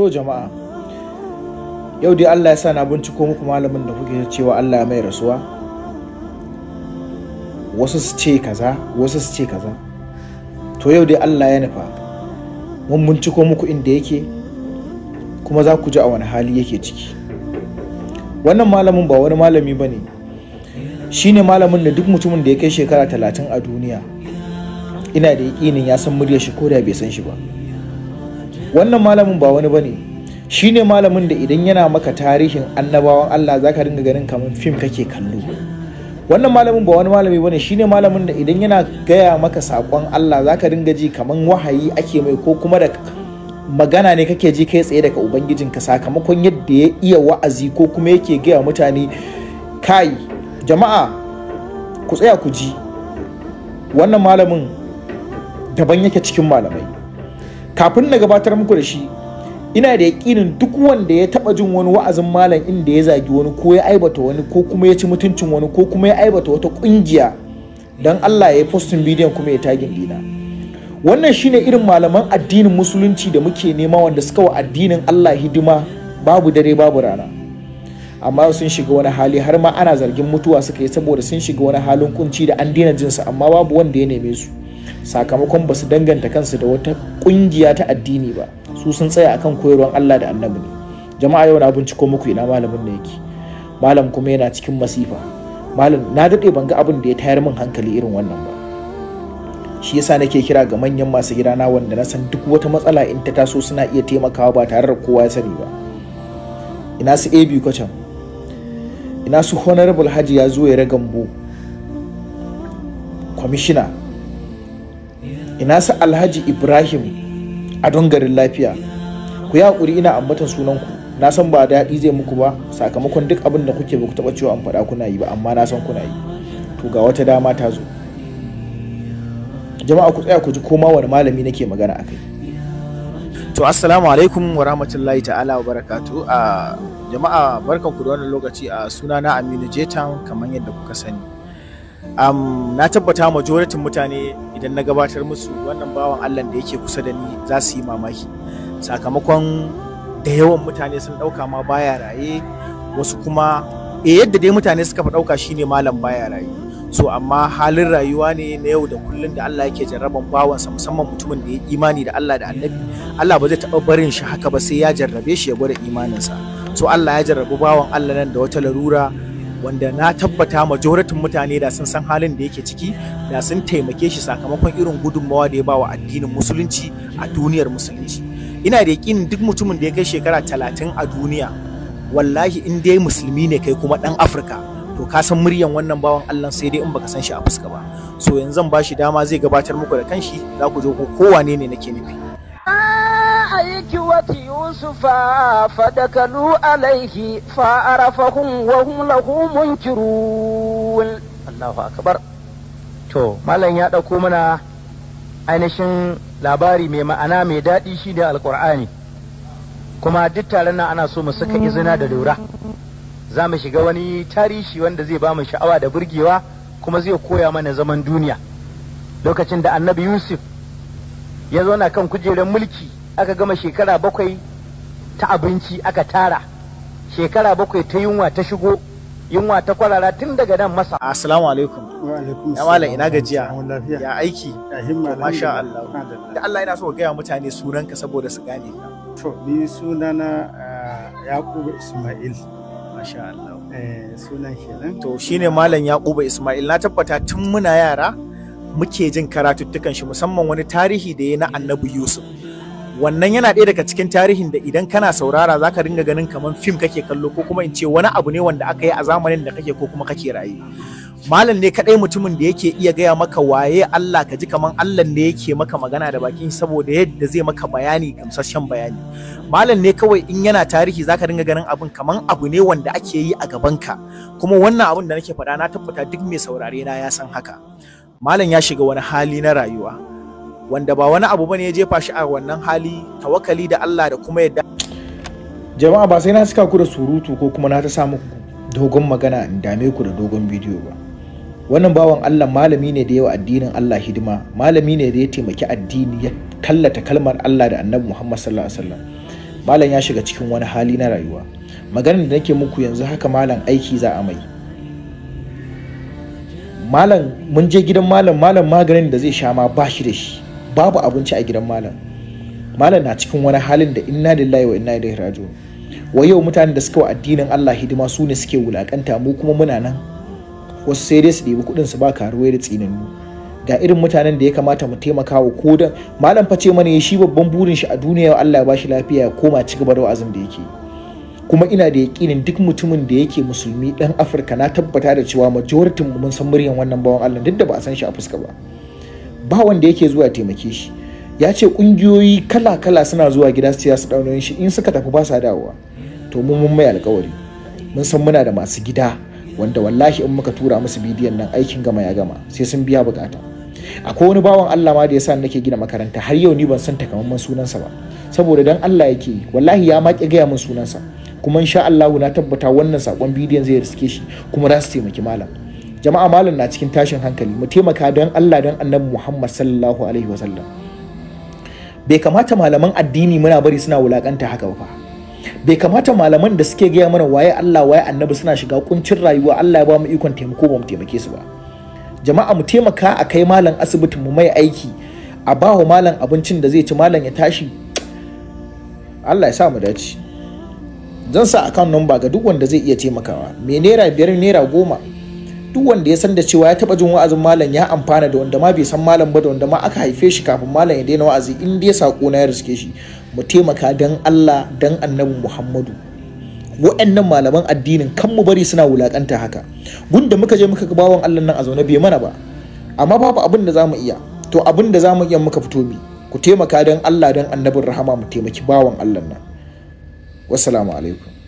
to jama'a yau dai allah ya sa na binciko muku malamin da kuke cewa allah mai rasuwa wasu su ce kaza wasu su ce kaza to yau dai allah ya nufa mun binciko muku inda yake kuma za ku ji a wani hali yake ciki wannan malamin ba wani malami ba ne shi ne malamin da duk mutumin da ya kai shekara talatin a duniya ina da yakinin ya san muryar shi ko da bai san shi ba wannan malamin ba wani bane shi ne malamin da idan yana maka tarihin annabawan Allah za ka dinga ganin kamar fim kake kallo wannan malamin ba wani malami bane ne malamin da idan yana gaya maka saƙon Allah za ka dinga ji kamar wahayi ake mai ko kuma da magana ne kake ji kai tsaye daga Ubangijin ka sakamakon yadda ya iya wa'azi ko kuma yake gaya mutane kai jama'a ku tsaya ku ji wannan malamin daban yake cikin malamai kafin na gabatar muku da shi ina da yakinin duk wanda ya taɓa jin wani wa'azin malam inda ya zagi wani ko ya aibata wani ko kuma ya ci mutuncin wani ko kuma ya aibata wata kungiya dan Allah ya yi postin bidiyon kuma ya tagin dina wannan shine irin malaman addinin musulunci da muke nema wanda suka wa addinin Allah hidima babu dare babu rana amma sun shiga wani hali har ma ana zargin mutuwa suka yi saboda sun shiga wani halin kunci da an dina jinsu amma babu wanda ya neme su sakamakon ba su danganta kansu da wata kungiya ta addini ba su sun tsaya akan koyarwar Allah da annabi ne jama'a yau na binciko muku ina malamin ne yake malam kuma yana cikin masifa malam na daɗe ban ga abin da ya tayar min hankali irin wannan ba shi yasa nake kira ga manyan masu gidana wanda na san duk wata matsala in ta taso suna iya taimakawa ba tare da kowa ya sani ba ina su AB kwacan ina su honorable Haji ya zo ya ragambo kwamishina ina su alhaji ibrahim a don garin lafiya ku yi haƙuri ina ambatan sunanku na san ba daɗi zai muku ba sakamakon duk abin da kuke ba ku taɓa cewa an faɗa kuna yi ba amma na san kuna yi to ga wata dama ta zo jama'a ku tsaya ku ji koma wani malami nake magana a kai. to assalamu alaikum wa rahmatullahi ta'ala wa barakatu a ah, jama'a barkanku da wannan lokaci a ah, sunana Aminu Jetan kamar yadda kuka sani um, na tabbata majoritin mutane idan na gabatar musu wannan bawan allah da yake kusa da ni za su yi mamaki sakamakon da yawan mutane sun ɗauka ma baya raye wasu kuma e yadda dai mutane suka fi ɗauka shine malam baya raye so amma halin rayuwa ne na yau da kullun da Allah yake jarraban bawansa musamman mutumin da ya imani da Allah da annabi Allah ba zai taɓa barin shi haka ba sai ya jarrabe shi ya gwada imaninsa so Allah ya jarrabi bawan Allah nan da wata larura wanda na tabbata majoratin mutane da sun san halin da yake ciki da sun taimake shi sakamakon irin gudunmawa da ya ba wa addinin musulunci a duniyar musulunci ina da yakin duk mutumin da ya kai shekara talatin a duniya wallahi in dai musulmi ne kai kuma dan afirka to ka san muryan wannan bawan allah sai dai in baka san shi a fuska ba so yanzu zan ba shi dama zai gabatar muku da kanshi za ku je ko kowane ne nake nufi إكوة يوسف فدكلوا عليه فعرفهم وهم له منكرون الله أكبر to مالن ya ɗauko mana ainihin labari mai ma'ana mai daɗi shi da alƙur'ani kuma duk taron na ana so mu saka izina da lura za mu shiga wani tarihi wanda zai ba mu sha'awa da burgewa kuma zai koya mana zaman duniya lokacin da annabi yusuf ya zo na kan kujerar mulki aka gama shekara bakwai ta abinci aka tara shekara bakwai ta yunwa ta shigo yunwa ta kwarara tun daga nan masa assalamu alaikum ya malam ina gajiya ya aiki masha Allah da Allah yana so ka gaya mutane ka saboda su gane to ni sunana ah, Yakubu Ismail masha Allah eh, sunan kenan to shine malam Yakubu Ismail na tabbata tun muna yara muke jin karatuttukan shi musamman wani tarihi da ya na Annabi Yusuf wannan yana ɗaya daga cikin tarihin da idan kana saurara za ka ringa ganin kamar fim kake kallo ko kuma in ce wani abu ne wanda aka yi a zamanin da kake ko kuma kake rayu malam ne kaɗai mutumin da yake iya gaya maka waye Allah ka ji kamar Allah ne yake maka magana da bakin saboda yadda zai maka bayani gamsasshen bayani malam ne kawai in yana tarihi zaka ringa ganin abin kamar abu ne wanda ake yi a gabanka kuma wannan abin da nake faɗa na tabbata duk mai saurare na ya san haka malam ya shiga wani hali na rayuwa wanda ba wani abu bane ya jefa shi a wannan hali tawakali da Allah da kuma yadda jama'a ba sai na saka ku da surutu ko kuma na ta samu dogon magana in dame ku da dogon bidiyo ba wannan bawan Allah malami ne da yawa addinin Allah hidima malami ne da ya taimaki addini ya tallata kalmar Allah da Annabi Muhammad sallallahu alaihi wasallam malam ya shiga cikin wani hali na rayuwa maganar da nake muku yanzu haka malam aiki za a mai malam mun je gidan malam malam maganin da zai sha ma ba shi da shi babu abinci a gidan malam malam na cikin wani halin da inna lillahi wa inna ilaihi raji'un wa yau mutanen da suka wa addinin Allah hidima su ne suke wulakanta mu kuma muna nan wasu sai dai su ɗebi kuɗin su ba karuwa da tsinannu ga irin mutanen da ya kamata mu taimaka wa ko da malam fa ce mana shi babban burin shi a duniya Allah ya shi lafiya ya koma ci gaba da wa'azin da yake kuma ina da yakinin duk mutumin da yake musulmi dan Afirka na tabbata da cewa majoritin mu mun san muryan wannan bawan Allah duk da ba a san shi a fuska ba ba wanda yake zuwa taimake shi ya ce kungiyoyi kala-kala suna zuwa gida su su daunoyin shi in suka tafi ba sa dawowa to mun mun mai alkawari mun san muna da masu gida wanda wallahi in muka tura musu bidiyon nan aikin gama ya gama sai sun biya bukata akwai wani bawan Allah ma da yasa nake gina makaranta har yau ni ban san takamaiman sunansa ba saboda dan Allah yake wallahi ya ma gaya min sunansa kuma insha Allah na tabbata wannan sakon bidiyon zai riske shi kuma za su taimaki malam jama'a malam na cikin tashin hankali mu taimaka don Allah don annabi Muhammad sallallahu alaihi wasallam bai kamata malaman addini muna bari suna wulakanta haka ba bai kamata malaman da suke gaya mana waye Allah waye annabi suna shiga kuncin rayuwa Allah ya ba mu ikon taimako ba mu taimake su ba jama'a mu taimaka a kai malam asibiti mu mai aiki a ba wa malam abincin da zai ci malam ya tashi Allah ya sa mu dace zan sa akan number ga duk wanda zai iya taimakawa me naira biyar naira goma duk wanda ya san da cewa ya taba jin wa'azin malam ya amfana da wanda ma bai san malam ba da wanda ma aka haife shi kafin malam ya daina wa'azi in dai sako na ya riske shi mu taimaka dan Allah dan Annabi Muhammadu wa'annan malaman addinin kan mu bari suna wulakanta haka gunda muka je muka ga bawan Allah nan a zaune bai mana ba amma babu abin da zamu iya to abin da zamu iya muka fito bi ku taimaka dan Allah dan Annabin rahama mu taimaki bawan Allah nan wassalamu alaikum